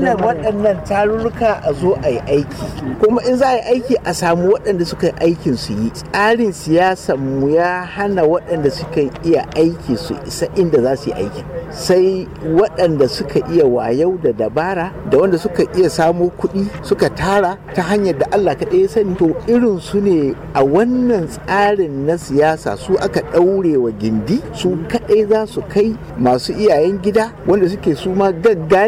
wannan waɗannan tarurruka a zo a yi aiki kuma in za a yi aiki a samu waɗanda suka yi aikin su yi tsarin siyasan mu ya hana waɗanda suka iya aiki su isa inda za su yi aikin sai waɗanda suka iya wayau da dabara da wanda suka iya samo kuɗi suka tara ta hanyar da Allah kaɗai ya sani to irin su ne a wannan tsarin na siyasa su aka ɗaure wa gindi su kaɗai za su kai masu iyayen gida wanda suke su ma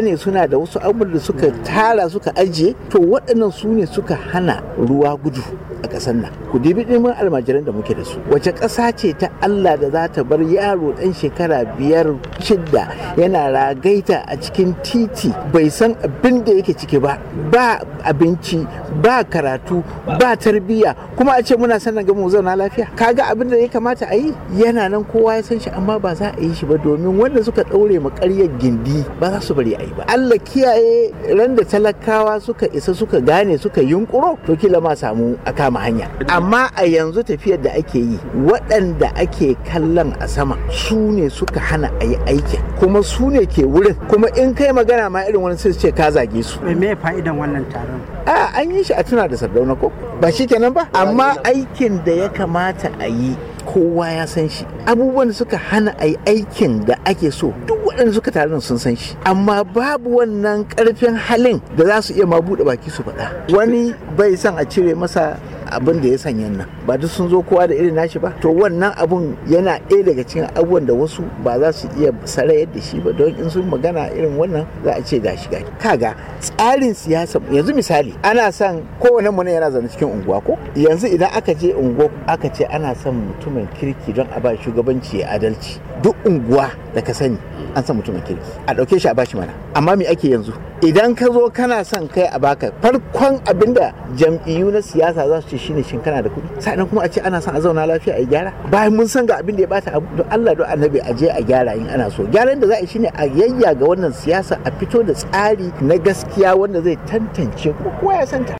ne suna da wasu abubuwan da suka tara suka ajiye to waɗannan su ne suka hana ruwa gudu a ƙasar nan ku dibi ɗimin almajiran da muke da su wace ƙasa ce ta Allah da za ta bar yaro ɗan shekara biyar shida da yana ragaita a cikin titi bai san abin da yake ciki ba ba abinci ba karatu ba tarbiyya kuma a ce muna sannan ga mu zauna lafiya kaga abin da ya kamata a yi yana nan kowa ya san shi amma ba za a yi shi ba domin wanda suka ɗaure mu ƙaryar gindi ba za su bari a yi ba Allah kiyaye ran da talakawa suka isa suka gane suka yunkuro to kila ma samu a kama hanya amma a yanzu tafiyar da ake yi waɗanda ake kallon a sama su ne suka hana a yi aikin kuma su ne ke wurin kuma in kai magana ma irin wani sai ce ka zage su me fa'idan wannan taron a an yi shi a tuna da sardauna ko ba shi kenan ba amma aikin da ya kamata a yi kowa ya san shi abubuwan da suka hana a yi aikin da ake so duk waɗanda suka taru sun san shi amma babu wannan ƙarfin halin da za su iya ma buɗe baki su faɗa wani bai san a cire masa abin da ya sanya nan ba duk sun zo kowa da irin nashi ba to wannan abun yana ɗaya daga cikin abubuwan da wasu ba za su iya sarayar da shi ba don in sun magana irin wannan za a ce gashi gashi kaga tsarin siyasa yanzu misali ana son kowane mu yana zaune cikin unguwa ko yanzu idan aka je unguwa aka ce ana son mutumin kirki don a ba shugabanci ya adalci duk unguwa da ka sani an san mutumin kirki a ɗauke shi a bashi mana amma me ake yanzu idan ka zo kana son kai a baka farkon abinda jam'iyyu na siyasa za su ce shine shin kana da kuɗi sannan kuma a ce ana son a zauna lafiya a gyara bayan mun san ga abin da ya bata abu don Allah don annabi a je a gyara in ana so gyaran da za a shine a yayya ga wannan siyasa a fito da tsari na gaskiya wanda zai tantance kuma kowa ya santa